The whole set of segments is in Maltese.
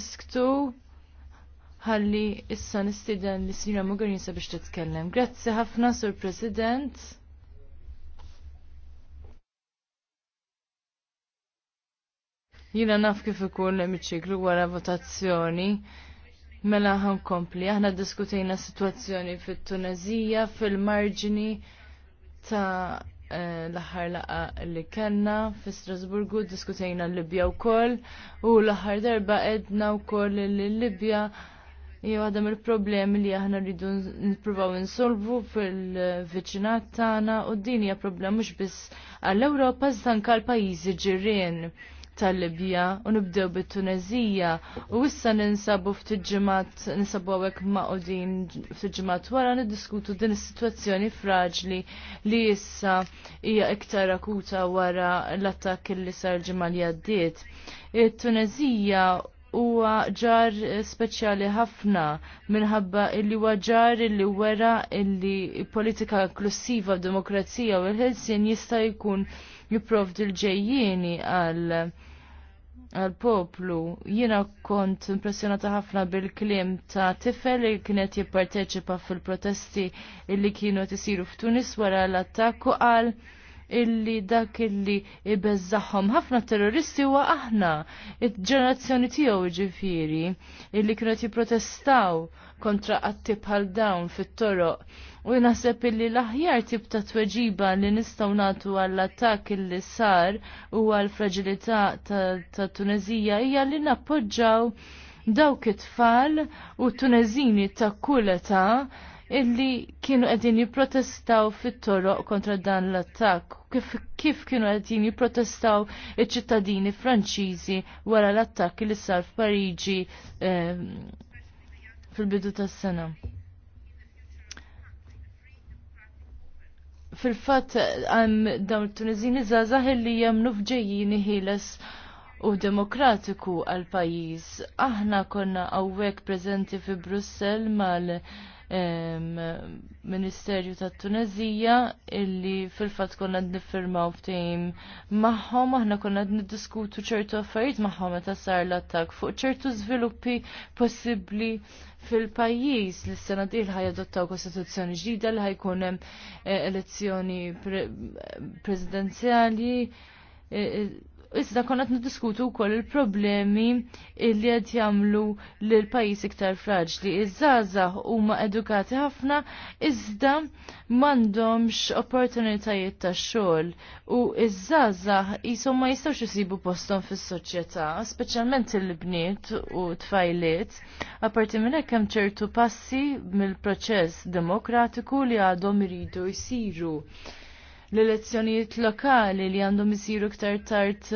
isktu ħalli issa nistiden li s Sinjora Mogherini sabiex titkellem. Grazzi ħafna, Sur President. Jina naf kif ikun l emiċiklu għara votazzjoni. Mela ħan kompli, aħna diskutejna situazzjoni fit-Tunezija, fil-marġini ta' Eh, l-aħħar laqa li kellna fi Strasburgu diskutejna l-Libja wkoll u l-aħħar darba edna wkoll li l-Libja jew għadam il problemi li aħna rridu nippruvaw insolvu fil-viċinat tagħna u din hija problema mhux biss għall-Ewropa iżda anke l-pajjiżi ġirien tal-Libja u nibdew bit-Tunezija u issa ninsabu ftiġimat ġimgħat ninsabu hawnhekk maqudin din ftiġimat wara niddiskutu din is-sitwazzjoni fraġli li issa hija iktar akuta wara l-attakk li sar ġimgħa li għaddiet. It-Tunezija huwa ġar speċjali ħafna minħabba illi huwa ġar illi wera illi politika inklusiva demokrazija u l-ħelsien jista' jkun jipprovdi l-ġejjieni għal għal-poplu. Jiena kont impressjonata ħafna bil-klim ta' tifel li kienet jipparteċipa fil-protesti illi kienu t-siru f'Tunis wara l-attakku għal illi dak illi ibeżżaħħom ħafna terroristi huwa aħna, il-ġenerazzjoni tiegħu ġifieri illi kienu jipprotestaw kontra qatti bħal dawn fit-toroq. U naħseb illi l-aħjar tip ta' tweġiba li nistgħu nagħtu għall-attakk illi sar u għall fraġilità ta' Tunezija hija li nappoġġaw dawk it-tfal u t Tunezini ta' kull età illi kienu qegħdin jipprotestaw fit-toroq kontra dan l-attakk. Kif, kif kienu qegħdin jipprotestaw iċ-ċittadini Franċiżi wara l-attakk li sar f'Pariġi eh, fil-bidu tas-sena. Fil-fatt għam dawn it-Tunizini zazah illi jemnu f'ġejjini ħieles u demokratiku għal pajjiż. Aħna konna għawek prezenti fi Brussel mal Ministerju ta' Tunezija illi fil-fat konna f ftejim maħħom, aħna konna niddiskutu ċertu affarijiet maħħom meta sar l-attak fuq ċertu sviluppi possibbli fil-pajjiż li s-sena dil ħajadottaw kostituzzjoni ġdida li ħajkun hemm eh, elezzjoni pre Iżda konna diskutu wkoll il-problemi li qed jagħmlu lil pajjiż iktar fraġli. Iż-żgħażagħ huma edukati ħafna iżda m'għandhomx opportunitajiet tax-xogħol u iż-żgħażagħ qishom ma jistgħux isibu posthom fis-soċjetà, speċjalment il-bniet u tfajliet. Apparti minn hekk hemm ċertu passi mill-proċess demokratiku li għadhom iridu jsiru l-elezzjonijiet lokali li għandhom isiru iktar tard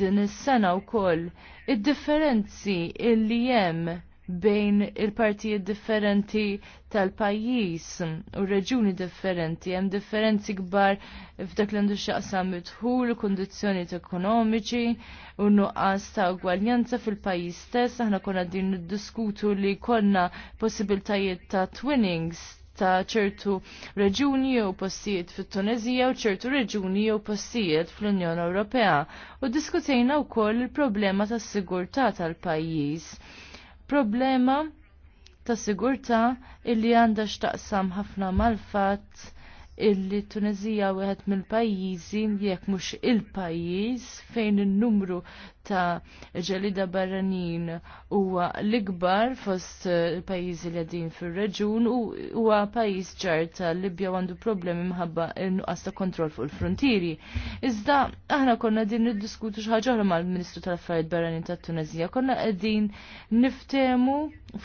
din is-sena wkoll. Id-differenzi illi hemm bejn il-partijiet differenti tal pajjiż u reġuni differenti, hemm differenzi kbar f'dak li għandu xaqsam mitħul, kundizzjonijiet ekonomiċi u nuqqas ta' gwaljanza fil pajjiż stess, aħna konna din niddiskutu li konna possibiltajiet ta' twinnings ta' ċertu reġuni jew postijiet fit-Tunezija u ċertu reġuni jew postijiet fl-Unjoni Ewropea u diskutejna wkoll il-problema tas sigurtà tal-pajjiż. Problema ta' sigurtà illi għandha x'taqsam ħafna mal-fatt illi Tunezija wieħed mill-pajjiżi jekk mhux il-pajjiż fejn in-numru ta' ġelida barranin huwa l-ikbar fost eh, pajjiżi li għadin fir-reġun u huwa pajjiż ta' Libja għandu problemi mħabba nuqqas ta' kontroll fuq il-frontieri. Iżda aħna konna din niddiskutu xi ħaġa mal-Ministru tal-Affarijiet Barranin tat tunezija konna qegħdin niftemu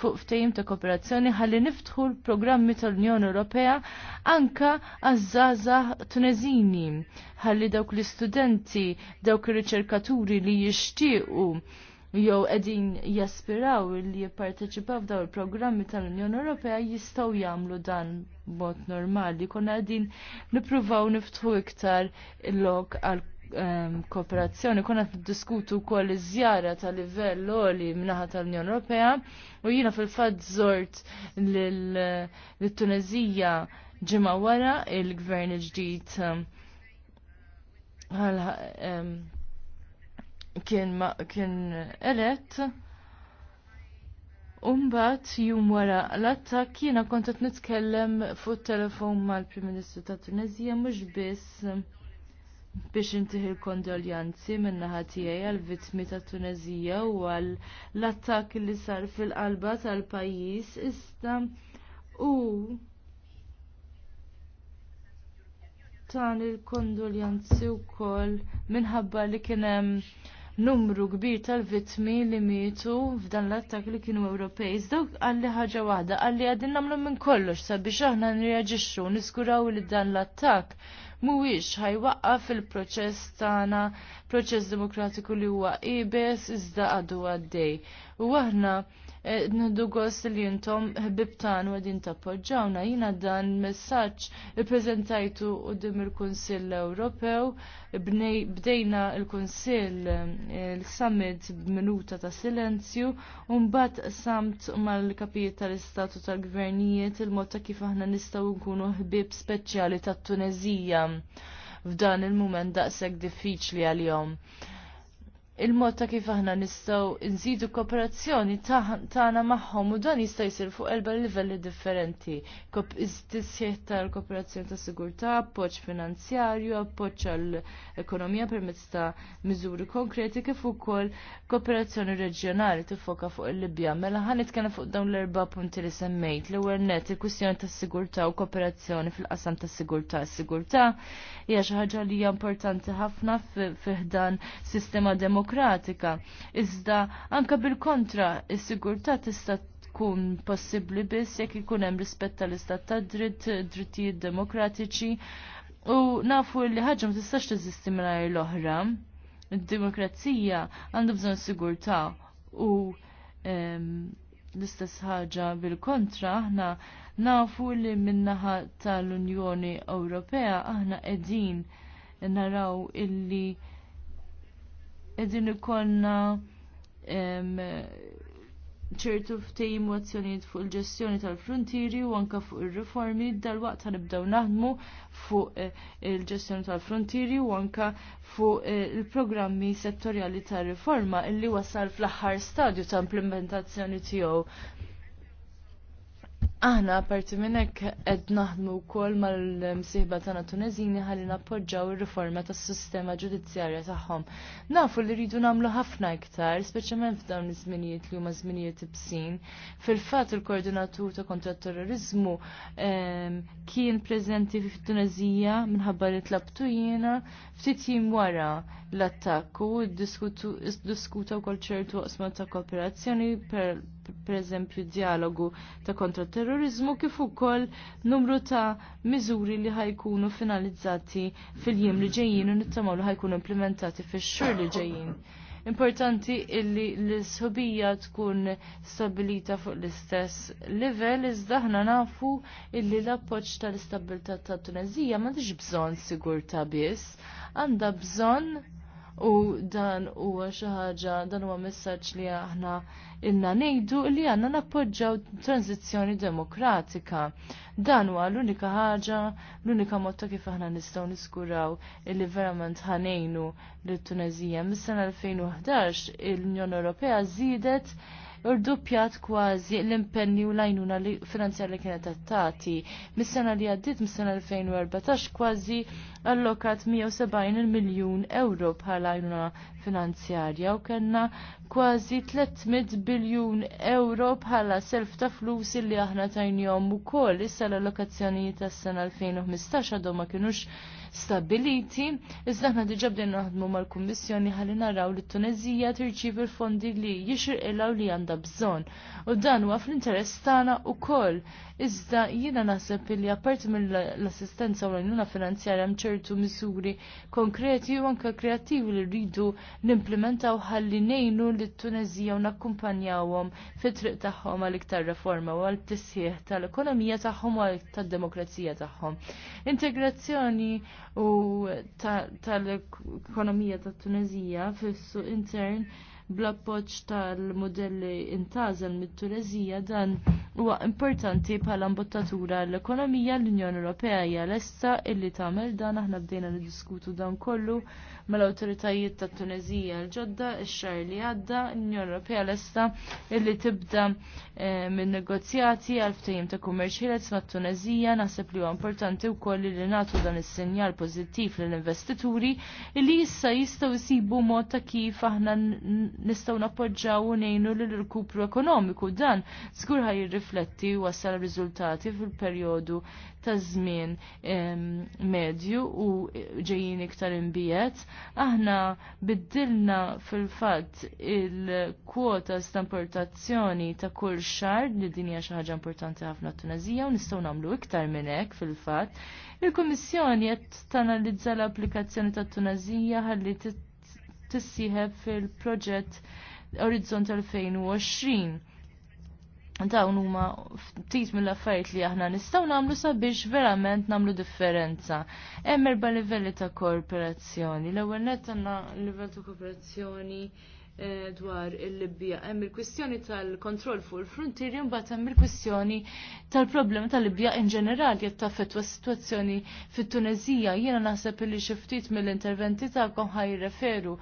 fuq ftehim ta' kooperazzjoni ħalli niftħu l-programmi tal-Unjoni Ewropea anka għaż-żgħażagħ Tunezini ħalli dawk l-istudenti, dawk ir-riċerkaturi li jixtiequ jew qegħdin jaspiraw li jipparteċipaw f'daw il-programmi tal-Unjoni Ewropea jistgħu jagħmlu dan b'mod normali. Konna qegħdin nippruvaw niftħu iktar il-lok għal ehm, kooperazzjoni. Konna niddiskutu wkoll iż-żjara ta' livell għoli minnaħa tal-Unjoni Ewropea u jiena fil-fatt żort lill-Tunezija ġimgħa wara il-gvern il-ġdid ehm, kien kien elett Umbat jum wara l-attak jiena kont qed nitkellem fuq telefon mal-Prim Ministru ta' Tunezija mhux biss biex intiħ il kondoljanzi min-naħa tiegħi għall-vittmi ta' Tunezija u għal l-attak li sar fil-qalba tal-pajjiż iżda u tan il-kondoljanzi wkoll minħabba li kien hemm numru kbir tal-vittmi li mietu f'dan l-attak li kienu Ewropej. Dawk għalli ħaġa waħda, għalli għadin namlu minn kollox sabiex aħna nirreġixxu niskuraw li dan l-attak mhuwiex ħajwaqqaf fil-proċess tagħna, proċess demokratiku li huwa qibes iżda għadu għaddej. U aħna nħdu li jintom ħbibtan u għedin tappoġġawna. Jina dan messaċ prezentajtu u dim il-Konsill Ewropew, bdejna il-Konsill eh, il-Summit minuta ta' silenzju, un-bat samt mal-kapijiet tal-Istatu tal-Gvernijiet il motta kif aħna nistaw nkunu ħbib speċjali ta' Tunezija f'dan il-moment daqshekk diffiċli għal-jom il-mod ta' kif aħna nistgħu nżidu kooperazzjoni tagħna magħhom u dan jista' jsir fuq elba livelli differenti. Tisjeħ tal-kooperazzjoni ta' sigurtà, appoġġ finanzjarju, appoġġ għall-ekonomija permezz ta' miżuri konkreti kif ukoll kooperazzjoni reġjonali tifoka fuq il-Libja. Mela ħan nitkellem fuq dawn l-erba' punti li semmejt. L-ewwel net il-kwistjoni tas-sigurtà u kooperazzjoni fil-qasam tas-sigurtà. sigurtà hija xi ħaġa li hija importanti ħafna ħdan sistema demokratiku demokratika. Iżda anka bil-kontra, is-sigurtà tista' tkun possibbli biss jekk ikun hemm rispett tal-istat ta' dritt, drittijiet demokratiċi u nafu li ħaġa ma tistax teżisti mingħajr l-oħra. Id-demokrazija għandu bżonn sigurtà u l-istess ħaġa bil-kontra aħna nafu li minnaħa tal-Unjoni Ewropea aħna qegħdin naraw illi edin ikonna ċertu ftej mozzjoniet fuq il-ġestjoni tal-frontieri u anka fuq il-riformi dal-waqt nibdew naħdmu fuq eh, il-ġestjoni tal-frontieri u anka fuq eh, il-programmi settorjali tal-riforma illi wasal fl-aħħar stadju ta' implementazzjoni tiegħu. Aħna parti minn hekk qed naħdmu wkoll mal-msieħba tagħna Tuneżini ħalli nappoġġaw ir-riforma tas-sistema ġudizzjarja tagħhom. Nafu li rridu nagħmlu ħafna iktar, speċjalment f'dawn iż-żminijiet li huma żminijiet ibsin. Fil-fatt il-koordinatur ta' kontra terrorizmu ehm, kien preżenti fit-Tunezija minħabba li tlabtu jiena ftit jiem wara l-attakku, diskuta wkoll ċertu qosma ta' kooperazzjoni per pereżempju dialogu ta' kontra terrorizmu kif ukoll numru ta' miżuri li ħajkunu finalizzati fil-jiem li ġejjin u nittamaw li ħajkunu implementati fix-xhur li ġejjin. Importanti illi l-sħobija tkun stabilita fuq l-istess level iżda ħna nafu illi l-appoġġ tal-istabilità ta' Tunezija ma bżon bżonn ta' biss, għandha bżonn u dan huwa xi ħaġa dan huwa messaġġ li aħna ilna ngħidu li għandna nappoġġaw tranzizjoni demokratika. Dan huwa l-unika ħaġa, l-unika motta kif aħna nistgħu niskuraw illi verament ħanejnu lit tunezija Mis-sena 2011 il-Unjoni Ewropea żiedet irdupjat kważi l-impenni u lajnuna li finanzjar li kienet attati. Mis-sena li għaddit mis-sena 2014 kważi allokat 170 miljun euro bħala lajnuna finanzjarja u kellna kważi 300 biljun euro bħala self ta' flus li aħna tajnjom ukoll issa l-allokazzjonijiet tas-sena 2015 għadhom ma kinux stabiliti, iżda aħna diġà bdejna naħdmu mal-Kummissjoni ħalli naraw li t-Tunezija tirċievi l-fondi li jixirqilha li għandha bżonn. U dan huwa fl-interess tagħna ukoll Iżda jiena naħseb li apparti mill-assistenza u l-għajnuna finanzjarja mċertu misuri konkreti u anke kreattivi li rridu nimplementaw ħalli ngħinu li t-Tunezija u nakkumpanjawhom fit-triq tagħhom għal iktar reforma u għal tisħieħ tal-ekonomija tagħhom u tad-demokrazija tagħhom. Integrazzjoni u tal-ekonomija tat-Tunezija fis-suq intern bl-appoġġ tal-modelli intażel mit-Turezija dan huwa importanti bħala ambottatura l-ekonomija l-Unjoni Ewropea hija lesta illi tagħmel dan aħna bdejna niddiskutu dan kollu mal-awtoritajiet tat-Tunezija l-ġodda ix-xahar li għadda l-Unjoni Ewropea lesta illi tibda eh, minn negozjati għal ftehim ta' kummerċ mat-Tunezija naħseb li huwa importanti wkoll li nagħtu dan is-sinjal pożittiv lill-investituri li issa jistgħu jsibu mod ta' kif aħna nistgħu nappoġġaw u ngħinu l rkupru ekonomiku dan żgur ħaj jirrifletti wasal riżultati fil-perjodu ta' żmien medju u ġejjin iktar imbiet. Aħna biddilna fil-fatt il kwota ta' importazzjoni ta' kull xar li din hija xi ħaġa importanti ħafna t-Tunezija u nistgħu nagħmlu iktar minn hekk fil-fatt. Il-Kummissjoni qed tanalizza l-applikazzjoni ta' tunezija ħalli tissieħeb fil-proġett Orizzont 2020. Dawn huma ftit mill-affarijiet li aħna nistgħu nagħmlu sabiex verament nagħmlu differenza. Hemm erba' livelli ta' kooperazzjoni. L-ewwel nett għandna livell ta' kooperazzjoni Eh, dwar il-Libja. Hemm il-kwistjoni tal-kontroll fuq il-frontieri mbagħad hemm il-kwistjoni tal-problema tal-Libja in ġenerali jekk taffettwa s-sitwazzjoni fit-Tunezija. Jiena naħseb li xi ftit mill-interventi tagħkom referu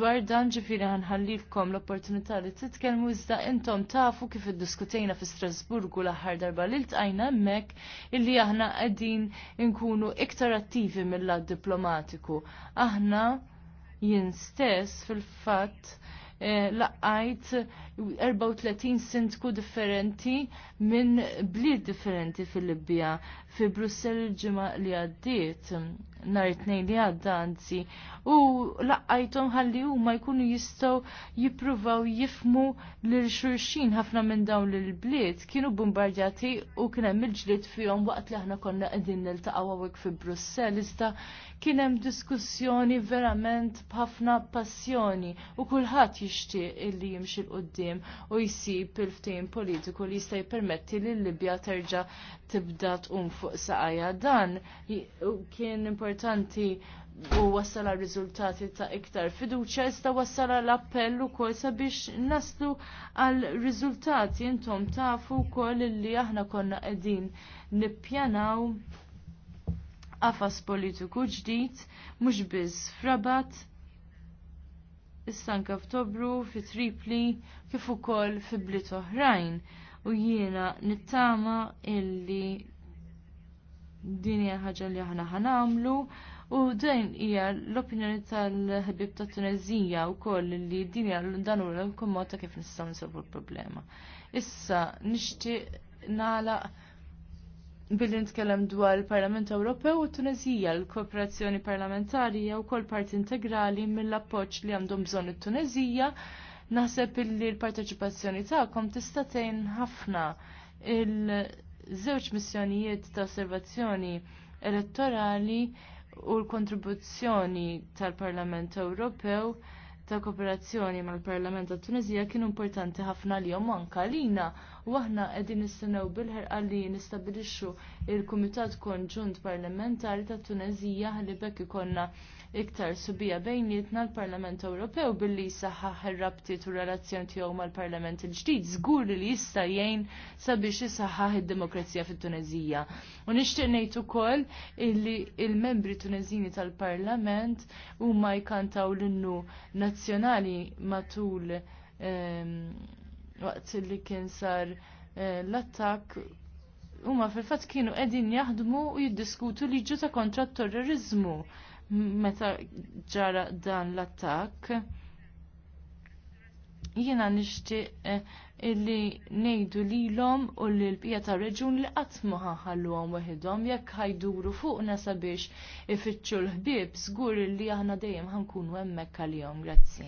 dwar dan ġifieri ħanħallilkom l-opportunità li titkellmu iżda intom tafu kif iddiskutejna fi Strasburgu l-aħħar darba li ltqajna hemmhekk illi aħna qegħdin inkunu iktar attivi mill-lat diplomatiku. Aħna jien stess fil-fatt eh, laqajt 34 sindku differenti minn bliet differenti fil-Libja fi Brussel ġimgħa li għaddiet nhar it-tnejn li għadda anzi u laqajtom ħalli huma jkunu jistgħu jippruvaw jifmu l xulxin ħafna minn dawn l bliet kienu bombardjati u kien hemm il-ġlied fihom waqt li aħna konna qegħdin niltaqgħu hawnhekk fi Brussell iżda kien hemm diskussjoni verament b'ħafna passjoni u kulħadd jixtieq illi jimxi l qudiem u jsib il-ftehim politiku li jista' jippermetti li l-Libja terġa' tibda tqum fuq saqajja dan kien importanti importanti u wassala riżultati ta' iktar fiduċa jista' wassala l-appell ukoll sabiex naslu għal riżultati intom tafu wkoll li aħna konna qegħdin nippjanaw qafas politiku ġdid mhux biss frabat issanka f'Tobru fi Tripli kif ukoll fi bliet oħrajn u jiena nittama illi din hija ħaġa li aħna ħanamlu u din hija l-opinjoni tal-ħbib ta' Tunezija wkoll li din hija dan huwa l-mod ta' kif nistgħu nsolvu l-problema. Issa nixtieq nagħlaq billi nitkellem dwar il-Parlament Ewropew u Tunezija, l-kooperazzjoni parlamentari u wkoll parti integrali mill-appoġġ li għandhom bżonn it-Tunezija. Naħseb illi l-parteċipazzjoni tagħkom tista' tgħin ħafna il żewġ missjonijiet ta' osservazzjoni elettorali u l-kontribuzzjoni tal-Parlament Ewropew ta' kooperazzjoni mal-Parlament ta' Tunizija kienu importanti ħafna li jom anka lina u aħna għedin nistennew bil ħer li nistabilixxu il-Kumitat Konġunt Parlamentari ta' Tunizija li bekk ikonna iktar subija bejnietna l-Parlament Ewropew billi saħħaħ ir-rabtiet u r-relazzjon tiegħu mal-Parlament il-ġdid żgur li jista' jgħin sabiex isaħħaħ id-demokrazija fit-Tunezija. U nixtieq ngħid ukoll illi il-membri Tunezini tal-Parlament huma jkantaw l-innu nazzjonali matul ehm, waqt li kien sar eh, l attakk huma fil-fatt kienu qegħdin jaħdmu u jiddiskutu liġu ta' kontra t-terrorizmu meta ġara dan l-attakk. Jiena nixtieq eh, illi nejdu li l-om u li l-bija ta' reġun li għatmu ħallu għom wahidom jekk ħajduru nasa sabiex ifittxu l-ħbib zgur li aħna dejjem ħankunu emmek għal-jom. Grazzi.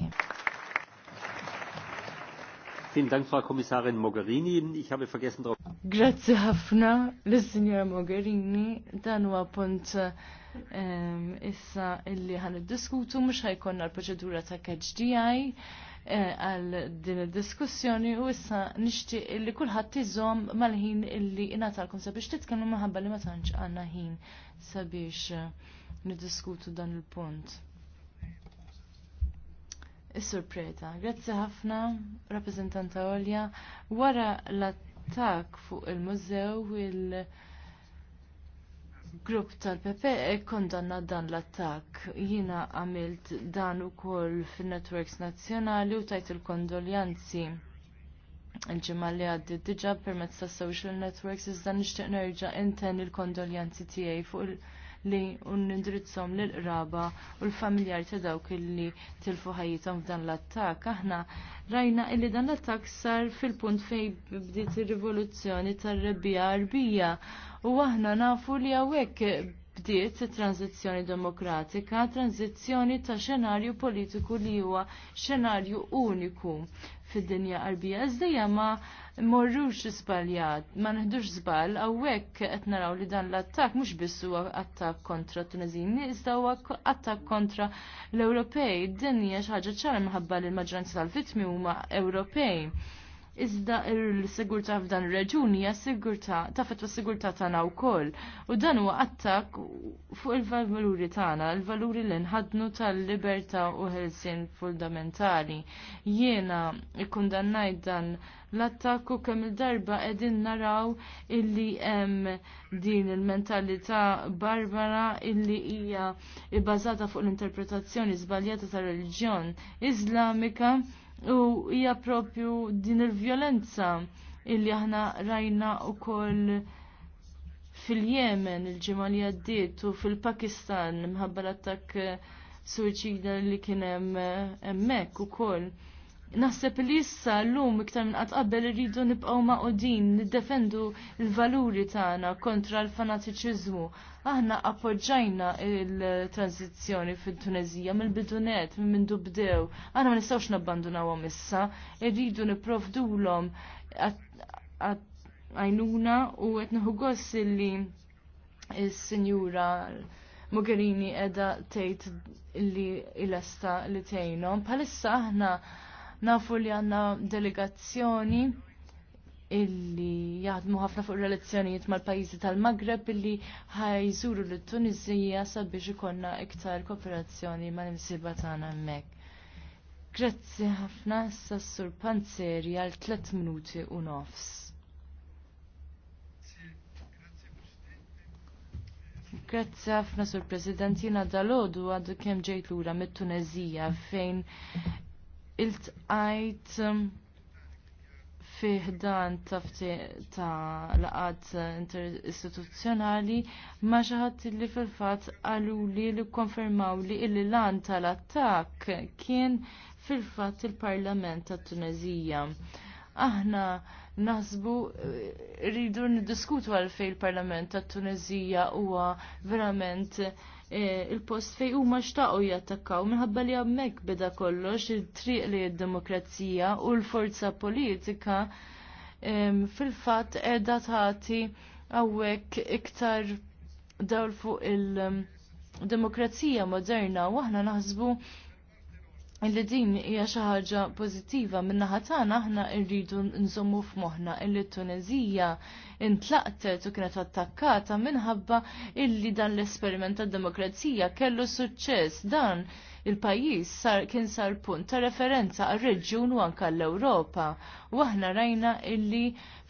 Vielen Dank, Frau Kommissarin Mogherini. Ich habe vergessen drauf. Grazie ħafna, l-Signora Mogherini, dan huwa punt eh, issa illi ħan diskutu mux ħajkonna l-proċedura ta' KHDI eh, għal din il-diskussjoni u issa nishti illi kullħat iżom mal-ħin illi inatalkom sabiex titkellmu maħabba li ma tantx għandna ħin sabiex eh, niddiskutu dan il-punt. Is-surpreta, grazzi ħafna, rappresentanta Olja, wara l-attak fuq il-mużew il-, -mużew, il mużew grupp tal-PP e kondanna dan l-attak. Jina għamilt dan u koll fil-networks nazjonali u tajt il-kondoljanzi. Il-ġimma li għaddi diġa permezz ta' social networks iżda nishtiq nerġa' inten il-kondoljanzi tiegħi fuq il- li nindirizzhom l qraba u l-familjari ta' dawk li tilfu ħajjitom f'dan l-attak. Aħna rajna illi dan l-attak sar fil-punt fejn bdiet ir-rivoluzzjoni tar-rebbija arbija u aħna nafu li hawnhekk bdiet tranzizjoni demokratika, tranzizjoni ta' xenarju politiku li huwa xenarju uniku fid-dinja Arbija. Iżda ma' morrux żbaljat, ma nħdux zbal, hawnhekk qed naraw li dan l-attak mhux biss huwa attak kontra Tunezini, iżda huwa attak kontra l-Ewropej. Din hija xi ħaġa ċara minħabba li l-maġġoranza tal-vittmi huma Ewropej. Iżda il-sigurta f'dan ir-reġuni hija sigurta tafet was sigurta tagħna wkoll. U dan huwa attak fuq il-valuri tagħna, il-valuri li nħadnu tal-libertà u ħelsien fundamentali. Jiena ikkundannajt dan l-attakku kemm il-darba qegħdin naraw illi hemm din il-mentalità barbara illi hija bbażata fuq l-interpretazzjoni żbaljata tar-reliġjon Iżlamika u hija propju din il-vjolenza illi aħna rajna u koll fil-Jemen il-ġimgħa li għaddiet u fil-Pakistan mħabba l-attakk li kien hemm u ukoll. Naħseb li issa l-lum iktar minn qabel irridu nibqgħu maqudin niddefendu l-valuri tagħna kontra l-fanatiċiżmu. Aħna appoġġajna il transizzjoni fil-Tunezija mill-bidunet minn mindu bdew. Aħna ma nistgħux nabbandunawhom issa, irridu nipprovdulhom għajnuna u qed nieħu goss li s-sinjura Mogherini edha tgħid li ilesta li tgħinhom. Bħalissa aħna Nafu li għanna delegazzjoni illi jaħdmu ħafna fuq relazzjonijiet mal-pajjiżi tal-Magreb illi ħajżuru l tunisija sabiex ikonna iktar kooperazzjoni mal-imsiba tagħna hemmhekk. Grazzi ħafna sassur Panzeri għal 3 minuti u nofs. Grazzi ħafna sur President jina dalodu għadu kem ġejt lura mit-Tunezija fejn il-tqajt um, fiħdan ta' laqat interistituzzjonali ma xaħat li fil-fat għalu li li konfermaw li il-lan tal-attak kien fil-fat il-parlament ta' Tunezija. Aħna naħsbu rridu niddiskutu għal fej il-parlament ta' Tunezija huwa verament E, il-post fej huma xtaqgħu jattakkaw minħabba li hemmhekk beda kollox il-triq li d-demokrazija u l-forza politika fil-fatt edha taħti hawnhekk iktar dawl fuq il-demokrazija moderna u aħna naħsbu illi din hija xi ħaġa pożittiva min-naħa tagħna aħna rridu nżommu f'moħħna illi t-Tunezija intlaqtet u kienet attakkata minħabba illi dan l-esperiment tad-demokrazija kellu suċċess dan il-pajjiż sar kien sar punt ta' referenza għar reġjun u anke l-Ewropa. U aħna rajna illi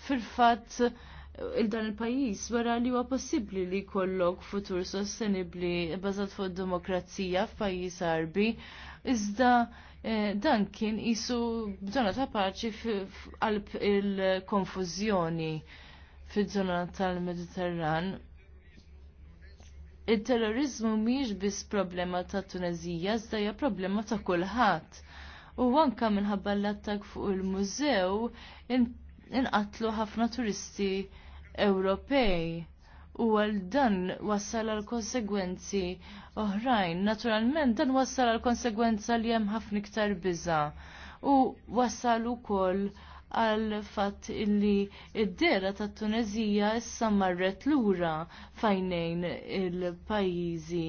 fil-fatt eh, il-dan il-pajis wara li huwa possibbli li jkollok futur sostenibbli bażat fuq id demokrazija f'pajjiż arbi iżda eh, dan kien isu bżona ta' paċi f'qalb il-konfużjoni fil-żona tal-Mediterran. Il-terrorizmu miex biss problema ta' Tunezija, iżda hija problema ta' kulħadd. U anka minħabba l-attak fuq il-mużew inqatlu ħafna turisti Ewropej u għal dan wassal għal konsegwenzi oħrajn. Naturalment dan wassal għal konsegwenza li hemm ħafna iktar biża' u wassal ukoll għal fatt illi id-dera ta' Tunezija issa marret lura fajnejn il-pajjiżi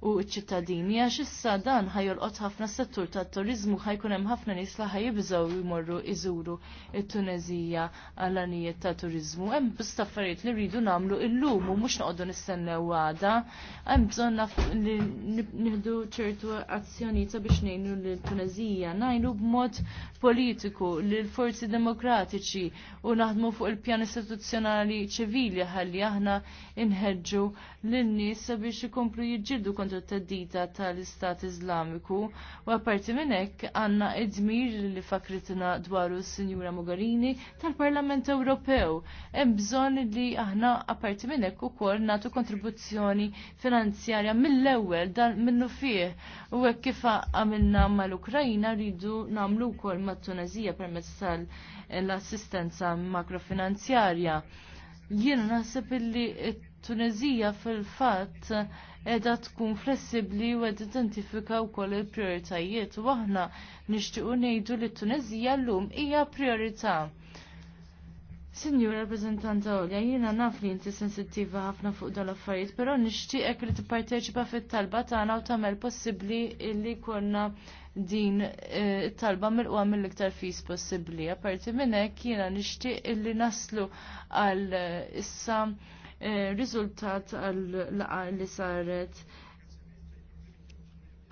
u ċ-ċittadini għax issa dan ħajolqot ħafna settur tat-turizmu ħajkun hemm ħafna nies li ħajibżgħu jmorru iżuru t tunezija għal anijiet ta' turizmu. Hemm biss affarijiet li rridu nagħmlu illum u mhux noqogħdu nistennew għada. Hemm bżonn li nieħdu ċertu azzjonijiet biex ngħinu lill-Tunezija ngħinu b'mod politiku l forzi demokratiċi u naħdmu fuq il-pjan istituzzjonali ċivili ħalli aħna inħeġġu lin-nies sabiex ikomplu jiġġieldu kontra t-teddida tal-Istat Islamiku u apparti minn hekk għandna id-dmir li fakritina dwaru s-Sinjura Mogherini tal-Parlament Ewropew. Hemm bżonn li aħna apparti minn hekk ukoll nagħtu kontribuzzjoni finanzjarja mill-ewwel dan minnu fih u hekk kifa għamilna mal ukrajina rridu nagħmlu wkoll mat-Tunezija permezz tal-assistenza makrofinanzjarja. Jien naħseb illi t Tunezija fil-fatt edha tkun flessibli u edha identifika wkoll il-prioritajiet u aħna nixtiequ ngħidu li Tunezija llum hija priorità. Signor rappresentanta Olja, jiena naf li inti sensittiva ħafna fuq dal affarijiet però nixtieqek li tipparteċipa fit-talba tagħna u tagħmel possibbli li konna din eh, talba mill u mill-iktar fis possibbli. Aparti minn hekk jiena nixtieq illi naslu għal eh, issa Eh, riżultat għal-laqa li saret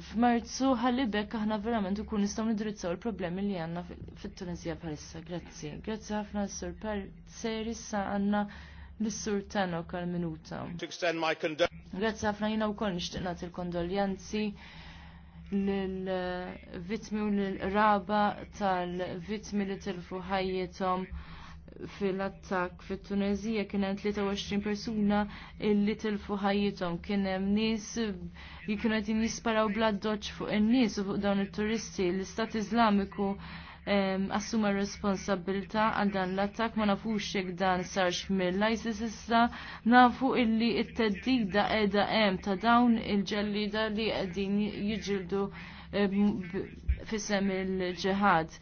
f'Marzu ħallibek aħna verament ukun nistgħu nidrizzaw il-problemi li għandna fit-Tunisija bħalissa. Grazzi. Grazzi ħafna s-sur per sa għandna l-sur Tanok għal-minuta. Grazzi ħafna jiena wkoll nixtieq nagħti l-kondoljanzi lill-vitmi u l-raba tal-vitmi li tilfu ħajjithom fil-attak fit-Tunezija kienem 23 persuna illi tilfu ħajjithom. Kien hemm nies li kienu qed jisparaw bladdoċ fuq in-nies u fuq dawn it-turisti. L-Istat Islamiku assuma responsabilta għal dan l-attak ma nafux jekk dan sarx mill-ISIS issa nafu illi it-teddida qiegħda hemm ta' dawn il-ġellida li qegħdin jiġildu fissem il-ġihad. il il ġihad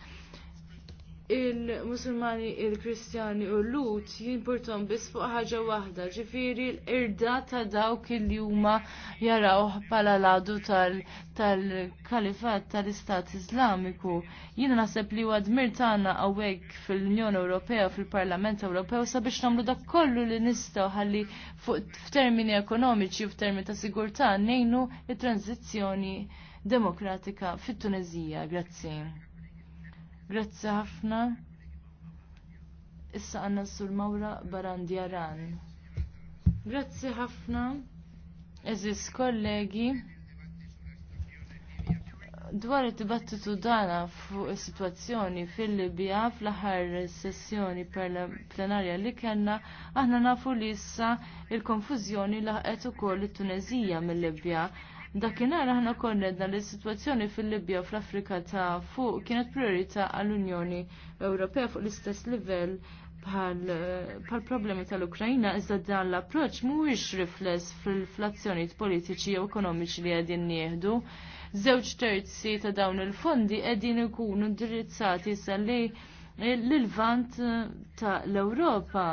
il-Musulmani, il-Kristjani u l-Lut jimportom bis fuq ħaġa waħda, ġifiri l-irda ta' dawk il huma jaraw pala ladu tal-kalifat tal-Istat Islamiku. Jina naseb li għad tagħna għawek fil-Unjoni Ewropea, fil-Parlament Ewropew, sabiex nagħmlu dak kollu li nistaw ħalli fuq f'termini ekonomiċi u f'termini ta' sigurtà nejnu il tranzizzjoni demokratika fit-Tunezija. Grazie. Grazzi ħafna. Issa għanna sur Mawra Barandjaran. Grazzi ħafna. Eżis kollegi. Dwar it-dibattitu dana fuq is-sitwazzjoni fil-Libja fl-aħħar sessjoni plenarja li kellna, aħna nafu li issa il-konfużjoni laħqet ukoll it-Tunezija mill-Libja. Dakinhar aħna konnedna li s-sitwazzjoni fil-Libja u fl-Afrika ta' fuq kienet priorità għall-Unjoni Ewropea fuq l-istess livell bħal problemi tal ukrajina iżda dan l-approċ mhuwiex rifless fil-flazzjonijiet politiċi jew ekonomiċi li qegħdin nieħdu. Żewġ terzi ta' dawn il-fondi qegħdin ikunu ndirizzati salli l-vant ta' l-Ewropa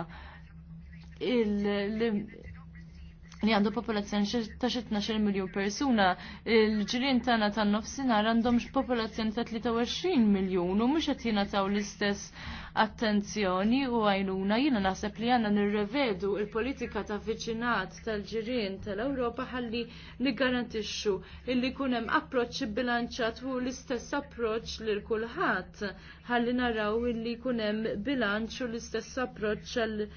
li għandu popolazzjoni ta' xi 12 miljun persuna, il-ġirien tagħna tan-nofsinhar għandhom popolazzjoni ta' 23 miljun u mhux qed jingħataw l-istess attenzjoni u għajnuna jiena naħseb li għandna nirrevedu il-politika ta' viċinat tal-ġirien tal-Ewropa ħalli niggarantixxu illi jkun hemm approċċ bilanċat u l-istess approċċ lil kulħadd ħalli naraw illi jkun hemm bilanċ u l-istess approċċ għall-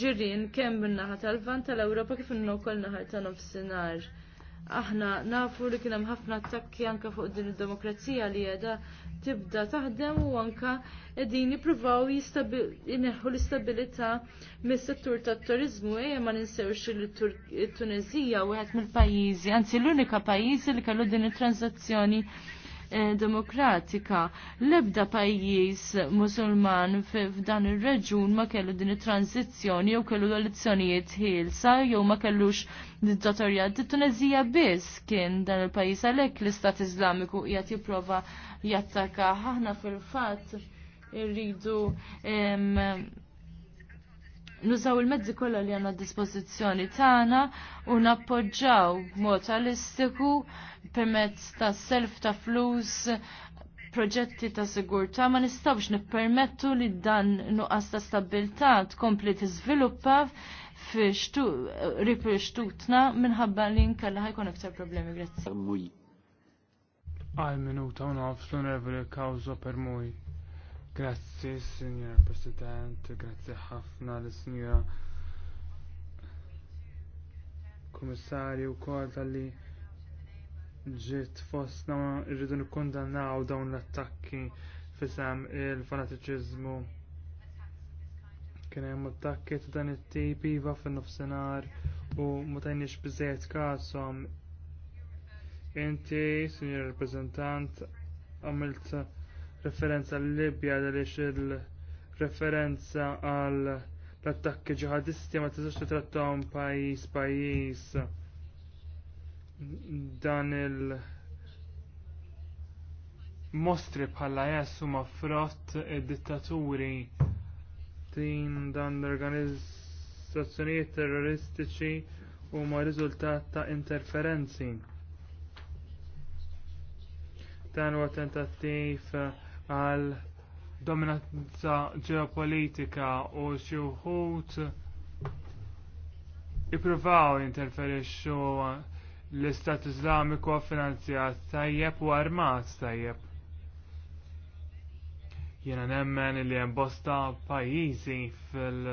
ġirien kemm min-naħa tal-vant tal-Ewropa kif innu wkoll naħar ta' nofsinhar. Aħna nafu li kien hemm ħafna attakki anke fuq din id-demokrazija li qiegħda tibda taħdem u anke qegħdin jippruvaw jineħu l-istabilità mis-settur tat-turiżmu ejja ma ninsewx li Tunizija u wieħed mill-pajjiżi, anzi l-unika pajjiżi li kellu din it transazzjoni Eh, demokratika. L-ebda pajjiż musulman f'dan ir-reġun ma kellu din it-tranzizzjoni jew kellu elezzjonijiet ħielsa jew ma kellux dittatorja. Tunezija biss kien dan il-pajjiż għalhekk l-Istat Iżlamiku qiegħed jipprova jattaka. Aħna fil-fatt irridu nużaw il-mezzi kollha li għandna dispożizzjoni tagħna u nappoġġaw b'mod realistiku permezz ta' self ta' flus proġetti ta' sigurtà ma nistawx nippermettu li dan nuqqas ta' stabilità tkompli tiżviluppa fi ripri xtutna minħabba li nkella ħajkun iktar problemi grazzi. Għal minuta u nafsu nervu li kawza per mui. Grazzi, Signora President, grazie ħafna l-Signora Komissarju kol tal-li ġiet fostna rridu nikkondannaw dawn l-attakki fisam il-fanatiċiżmu. Kien hemm attakki ta' dan it-tip iva fin-nofsinhar u ma tajniex biżejjed kasom. Inti, signor Rappreżentant, għamilt referenza l-Libja għaliex il-referenza għal l-attakki ġihadisti ma tiżux titrattom pajis pajis dan il- mostri bħalla jessu ma frott id-dittaturi din dan l-organizzazzjonijiet terroristiċi huma riżultat ta' interferenzi dan huwa tentattiv għal dominanza ġeopolitika u xi wħud ippruvaw jinterferixxu l-Istat Iżlamiku finanzjat tajjeb u armat tajjeb. Jiena nemmen li hemm bosta pajjiżi fil-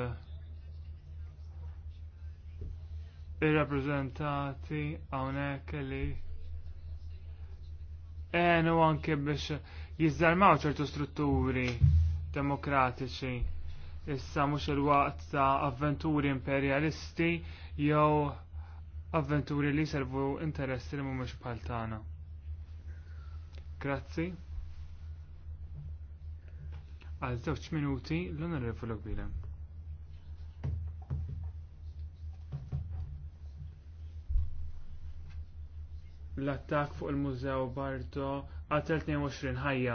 irrappreżentati hawnhekk li għenu anke biex jizzarmaw ċertu strutturi demokratiċi. Issa mhux il-waqt ta' avventuri imperjalisti jew avventuri li servu interessi li mhumiex bħal tagħna. Grazzi. Għal żewġ minuti l-Onorevole Bilem. l-attak fuq il-mużew Bardo għatel 22 ħajja.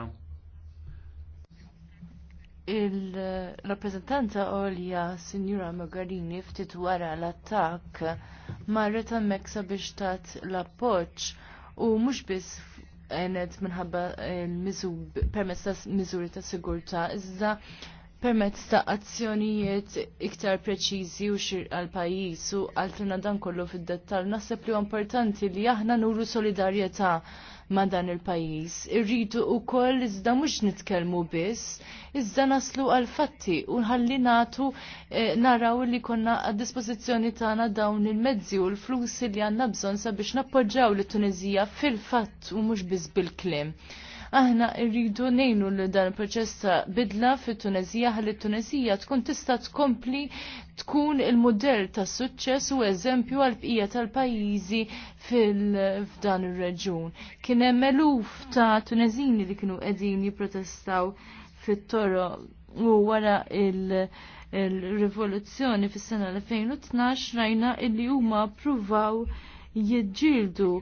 Il-rappresentanta Olja Signora Mogherini ftit wara l-attak marret hemmhekk sabiex tat l-appoġġ u mhux biss għenet minħabba permezz ta' miżuri ta' sigurta, iżda permezz ta' azzjonijiet iktar preċiżi u xir għal pajis u għaltuna dan kollu fid-dettal. Naħseb li importanti li aħna nuru solidarjetà ma' dan il-pajis. Irridu u koll iżda mux nitkelmu biss, iżda naslu għal-fatti u nħalli natu eh, naraw li konna għad-dispozizjoni tagħna dawn il-mezzi u l-flus li għanna bżon sabiex nappoġġaw l-Tunizija fil-fatt u mux biss bil-klim aħna rridu nejnu li dan proċess ta' bidla fit-Tunezija ħalli t-Tunezija tkun tista' tkompli tkun il-modell ta' suċċess u eżempju għal bqija tal-pajjiżi fdan ir-reġun. Kien hemm eluf ta' Tunezini li kienu qegħdin jipprotestaw fit-toro u wara il- il-rivoluzzjoni fis-sena 2012 rajna illi huma pruvaw jidġildu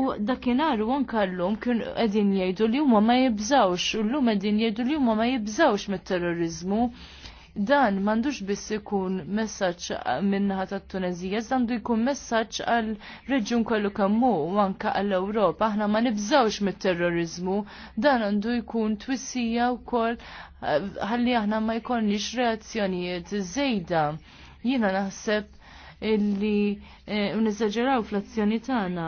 u dakinar u nkallum kien qegħdin jgħidu li huma ma jibżawx u llum qegħdin jgħidu li huma ma jibżawx mit-terrorizmu. Dan m'għandux biss ikun messaġġ minnaħa tat-Tunezija, għandu jkun messaġġ għal reġun kollu kemm u anke għall Ewropa. Aħna ma nibżawx mit-terrorizmu, dan għandu jkun twissija wkoll eh, ħalli aħna ma jkollniex reazzjonijiet żejda. Jiena naħseb illi eh, unizzaġeraw fl-azzjoni tagħna.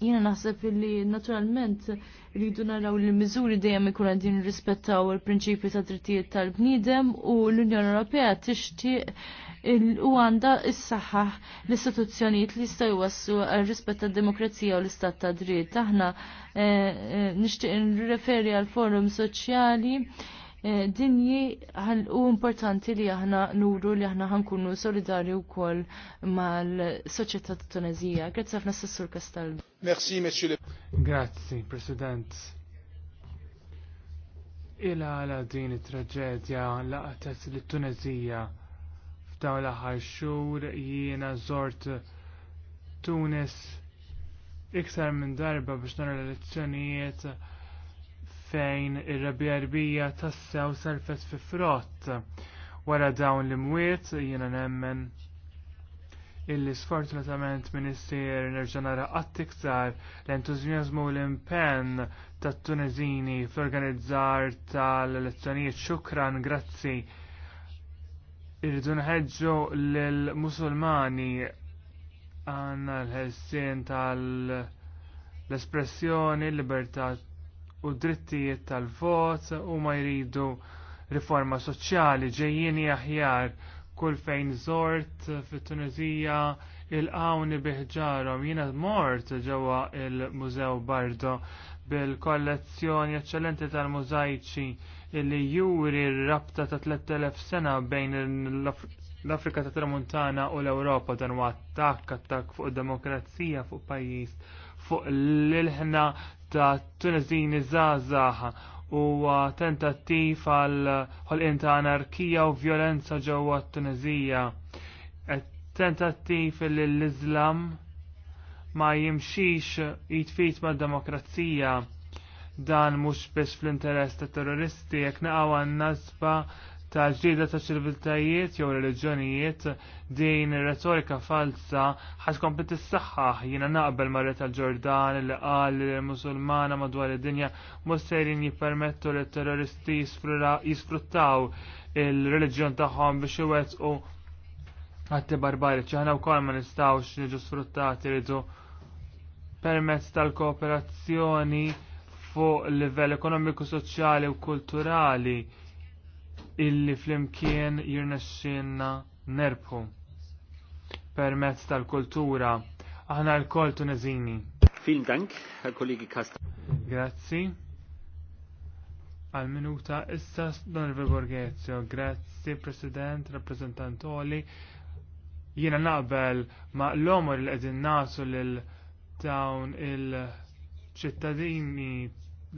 Jiena naħseb illi naturalment rridu naraw li l-miżuri dejjem ikun għandin rispettaw il-prinċipju ta' drittijiet tal-bniedem u l-Unjoni Ewropea tixtieq u għanda s-saħħa l-istituzzjonijiet li jistgħu jwassu rispett tad-demokrazija u l-istat ta' dritt. Aħna eh, eh, nixtieq nirreferi għal forum soċjali Eh, dinji u importanti li aħna nuru li aħna ħankunu solidari u koll mal-soċieta tunezija. Grazie għafna s-sur Kastal. Merci, Monsieur Grazie, President. Ila għala din it-traġedja laqtet li t tunezija f'dawn l-aħħar xhur jiena żort Tunis iktar minn darba biex nara l-elezzjonijiet fejn ir-rebjerbija tassew sarfet fi frott. Wara dawn l-imwiet jiena nemmen illi sfortunatament minister nerġa' nara qatt l-entużjażmu u l-impenn tat-Tunezini fl-organizzar tal-elezzjonijiet xukran grazzi irridu nħeġġu lill-Musulmani għanna l-ħelsien tal- l-espressjoni, libertà u drittijiet tal-vot u ma jridu riforma soċjali ġejjini aħjar kull fejn zort fit tunizija il-qawni biħġarom jiena mort ġewwa il-Mużew Bardo bil-kollezzjoni eċċellenti tal-mużajċi illi juri r-rabta ta' 3000 sena bejn l-Afrika ta' Tramuntana u l-Ewropa dan huwa attakk fuq id-demokrazija fuq pajjiż fuq l-ilħna ta' Tunizini zazax u tentattiv għal ħolqien ta' anarkija u violenza ġewwa Tunizija. Tentattiv Tentattif l-Islam ma jimxix jitfit ma' demokrazija dan mhux biex fl-interess ta' terroristi jekk naqgħu għan-nasba ta' ġdida ta' ċiviltajiet jew reliġjonijiet din retorika falsa ħaskompli tissaħħaħ jiena naqbel marre tal-Ġordan li qal li l-Musulmana madwar id-dinja mhux sejrin jippermettu li terroristi jisfruttaw il-reliġjon tagħhom biex iwettqu barbari barbariċi ħana wkoll ma nistgħux niġu sfruttati rridu permezz tal-kooperazzjoni fuq livell ekonomiku, soċjali u kulturali illi flimkien jirnexxinna nerbħu permezz tal-kultura. Aħna l-kol tunezini. Fil Dank, Herr Kollege Kasta. Grazzi. Għal minuta issa Donovan Borghezio, grazzi President, rappresentantoli. Jiena naqbel ma l-omor l qegħdin nasu lil dawn il-ċittadini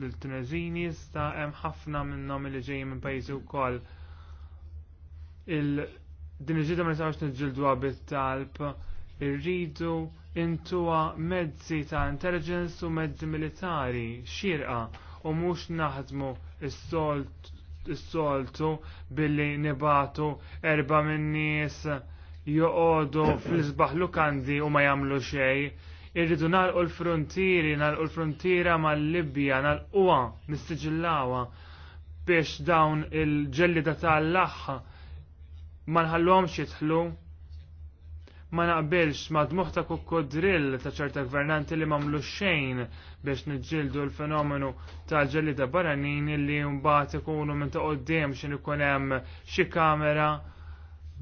l-Tunezini iżda hemm ħafna minnhom li ġejjin minn pajjiżi wkoll. din il-ġidda ma nistgħux niġġilduha bit-talb, irridu intuwa mezzi ta' intelligence u mezzi militari xirqa u mhux naħdmu s-soltu billi nibatu erba' min-nies joqogħdu fl-isbaħ lukandi u ma jagħmlu xejn irridu nalqu l-frontieri, nalqu l-frontiera mal-Libja, nalquha, nistiġillawha biex dawn il-ġellida tal-laħħa ma nħallhomx jitħlu ma naqbilx ma dmuħ ta' kukkodrill ta' ċerta gvernanti li mamlu xejn biex nġildu l-fenomenu ta' ġellida barranin li mbagħad ikunu minn ta' qoddim xin ikun hemm xi kamera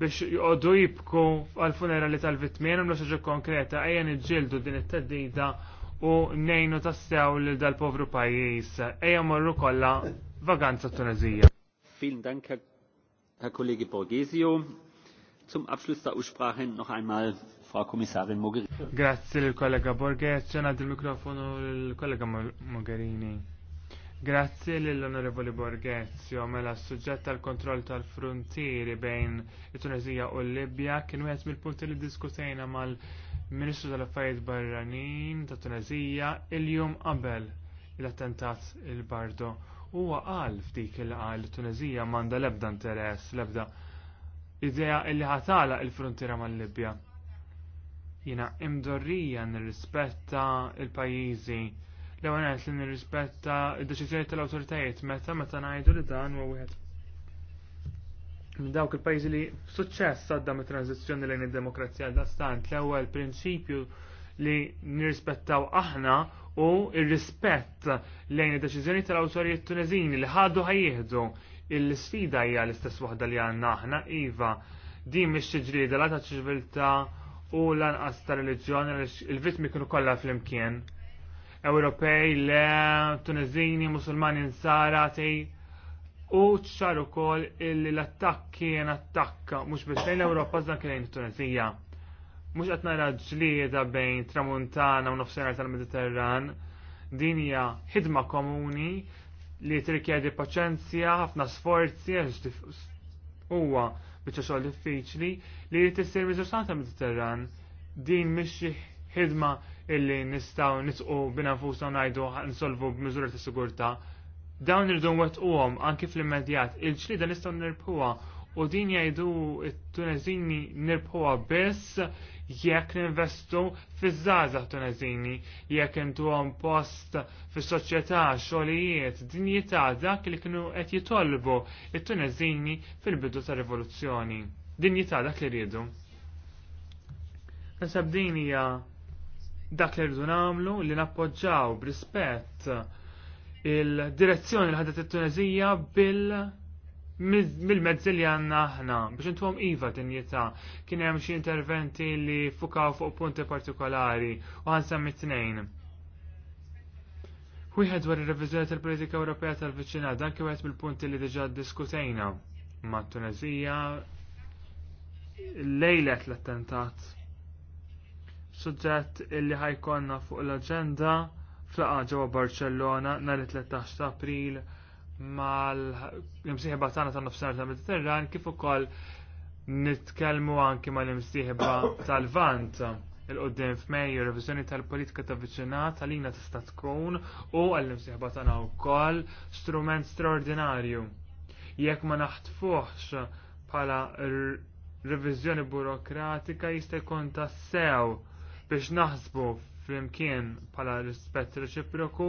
biex jqogħdu jibku għal funerali tal-vittmien u xaġa konkreta ejja niġġieldu din it-teddida u nejnu tassew lil dal-povru pajjiż. Ejja morru kollha vaganza Tunezija. Vielen Dank, Herr Kollege Borgesio. Zum Abschluss der Aussprache noch einmal Frau Kommissarin Mogherini. Grazie il kollega Borges, ċena il mikrofonu il collega Mogherini. Grazzi lill-Onorevoli Borghezio mela s-suġġett tal-kontroll tal-frontieri bejn it-Tunezija u l-Libja kien wieħed mill-punti li diskutejna mal-Ministru tal-Affarijiet Barranin ta' Tunezija il-jum qabel l-attentat il-Bardo. Huwa qal f'dik il qal Tunezija m'għandha l-ebda interess, l-ebda idea li ħatala il-frontiera mal-Libja. Jiena imdorrija nirrispetta il-pajjiżi L-ewwel li nirrispetta d-deċiżjoni tal-awtoritajiet meta meta ngħidu li dan huwa wieħed minn dawk il pajzi li suċċess għadda mit tranzizzjoni lejn id-demokrazija l stant l-ewwel prinċipju li nirrispettaw aħna u il rispett lejn id-deċiżjoni tal autoritajiet Tunezini li ħaddu ħajjieħdu il-sfida hija l-istess waħda li għandna aħna iva din mhix tiġrida l-għata ċiviltà u lanqas ta' reliġjoni il-vittmi kienu kollha flimkien. Ewropej, le, Tunizini, Musulmani, Nsarati u ċar ukoll illi l-attakk kien attakka mhux biex lejn l-Ewropa żdan kien lejn it-Tunisija. Mhux qed nara ġlieda bejn tramuntana u nofsinhar tal-Mediterran, din hija ħidma komuni li trikjedi paċenzja, ħafna sforzi, huwa biċċa xogħol diffiċli li tissir miżur tal-Mediterran din mhix ħidma illi nistaw nisqu b'nafusna ngħidu nsolvu b'miżuri ta' sigurtà. Dawn irdu wettquhom anki fl-immedjat. Il-ġlida nistgħu nirbħuha u din jgħidu t tunezini nirbħuha biss jekk ninvestu fiż-żgħażagħ Tunezini, jekk intuhom post fis-soċjetà, xogħlijiet, dinjità dak li kienu qed jitolbu it-Tunezini fil-bidu tar-rivoluzzjoni. Dinjità dak li rridu. Nasab din hija dak li rridu nagħmlu li nappoġġaw b'rispett il-direzzjoni li ħadet it-Tunezija bil mill-mezzi li għanna aħna biex intuħom iva tinjeta kien hemm xi interventi li fukaw fuq punti partikolari u t tnejn. Wieħed dwar ir-reviżjoni tal-politika Ewropea tal-viċinat dan kien wieħed mill-punti li diġà diskutejna mat-Tunezija lejlet l-attentat suġġett illi ħajkonna fuq l-agenda flaqa ġewwa Barcellona nhar 13 ta' April mal-imsieħba tagħna tan nofsinhar tal-Mediterran kif ukoll nitkellmu anki mal-imsieħba tal-Vant il-qoddim f'Mejju revizjoni tal-politika ta' viċinat għalina tista' tkun u għall-imsieħba tagħna wkoll strument straordinarju. Jekk ma naħtfuhx bħala revizjoni burokratika jista' jkun tassew sew biex naħsbu flimkien pala rispett reċiproku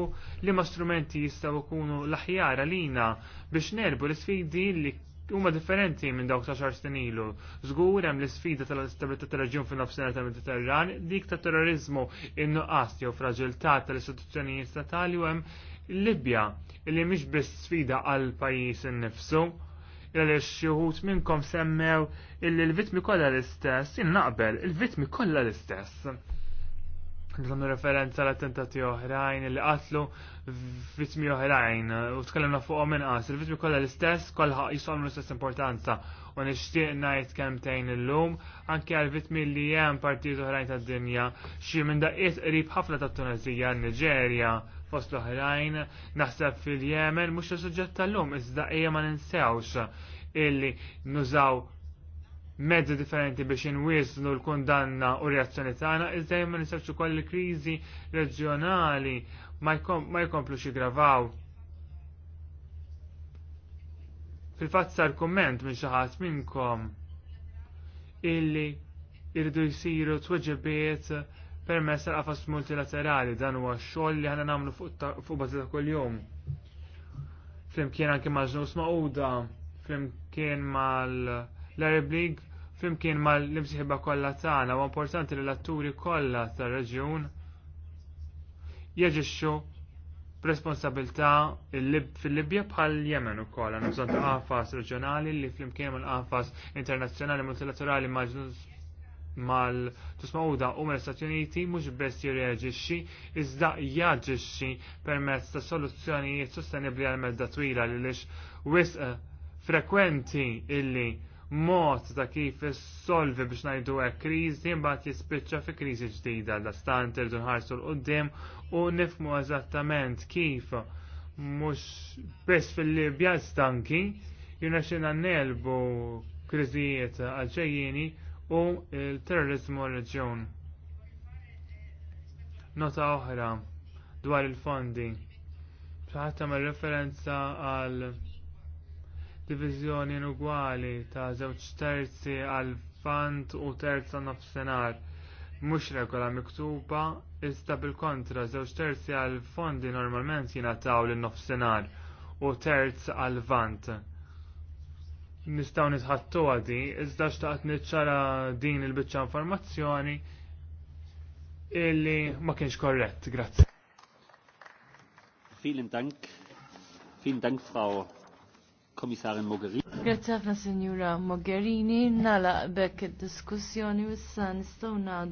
li ma strumenti jistaw ikunu l-aħjar għalina biex nerbu l-sfidi li huma differenti minn dawk ta' xar ilu. Żgur hemm l-isfida tal-istabilità tal-reġjun fin-nofsinhar tal-Mediterran, dik ta' terrorizmu in jew fraġilità tal-istituzzjonijiet statali u hemm Libja li mhix biss sfida għal pajjiż innifsu għaliex xi wħud minnkom semmew illi l-vitmi kollha l-istess, naqbel: il-vitmi kollha l-istess. Għamlu referenza l-attentati oħrajn illi qatlu vitmi oħrajn u tkellimna fuqhom inqas. Il-vitmi kollha l-istess, kollha jisolmu l-istess importanza u nixtieq ngħid l illum anke għal vitmi li hemm partijiet oħrajn tad-dinja xi minn daqqiet qrib ħafna tat-Tunezija, n-Niġerja, fost l-oħrajn, naħseb fil-Jemen, mux l suġġett tal-lum, iżda ija ma ninsewx illi nużaw mezzi differenti biex inwislu l-kundanna u reazzjoni tagħna, iżda ma ninsewx ukoll il-kriżi reġjonali ma jkomplu xi gravaw. Fil-fatt sar kumment minn xi ħadd minnkom illi irridu jsiru tweġibiet permess tal-qafas multilaterali dan huwa xogħol li ħana nagħmlu fuq bażi ta' kuljum. Flimkien anke ma' ġnus ma'uda, flimkien mal-Arab League, flimkien mal limsiħba kollha tagħna u importanti li l-atturi kollha tar-reġjun jeġixxu b'responsabilità fil-Libja bħal Yemen ukoll għandna bżonn ta' qafas reġjonali li flimkien mal-qafas internazzjonali multilaterali ma' ġnus mal-ġusmawda u mal-Stati Uniti mhux biss jirreaġixxi iżda jaġixxi permezz ta' soluzzjonijiet sostenibbli għal medda twila li lix wisq frekwenti illi mod ta' kif solvi biex najdu għek krizi mbagħad jispiċċa fi krizi ġdida da stant irdu nħarsu l-qoddim u nifmu eżattament kif mhux biss fil-Libja stanki jirreġiċi nannelbu krizijiet kriżijiet għalġejjini u il-terrorizmu reġjun. Nota oħra dwar il-fondi. Bħatta ma' referenza għal diviżjoni uguali ta' żewġ terzi għal fand u terza nofsenar. Mhux regola miktuba, iżda bil-kontra żewġ terzi għal fondi normalment jingħataw lin nofsenar u terz għal vant nistaw nisħattu għadi, iżda xtaqt nitċara din il-bicċa informazzjoni illi ma kienx korrett, grazzi. Vielen Dank, vielen Dank, Frau Kommissarin Mogherini. Grazie ħafna, Signora Mogherini. Nalaq bekk id-diskussjoni u issa nistgħu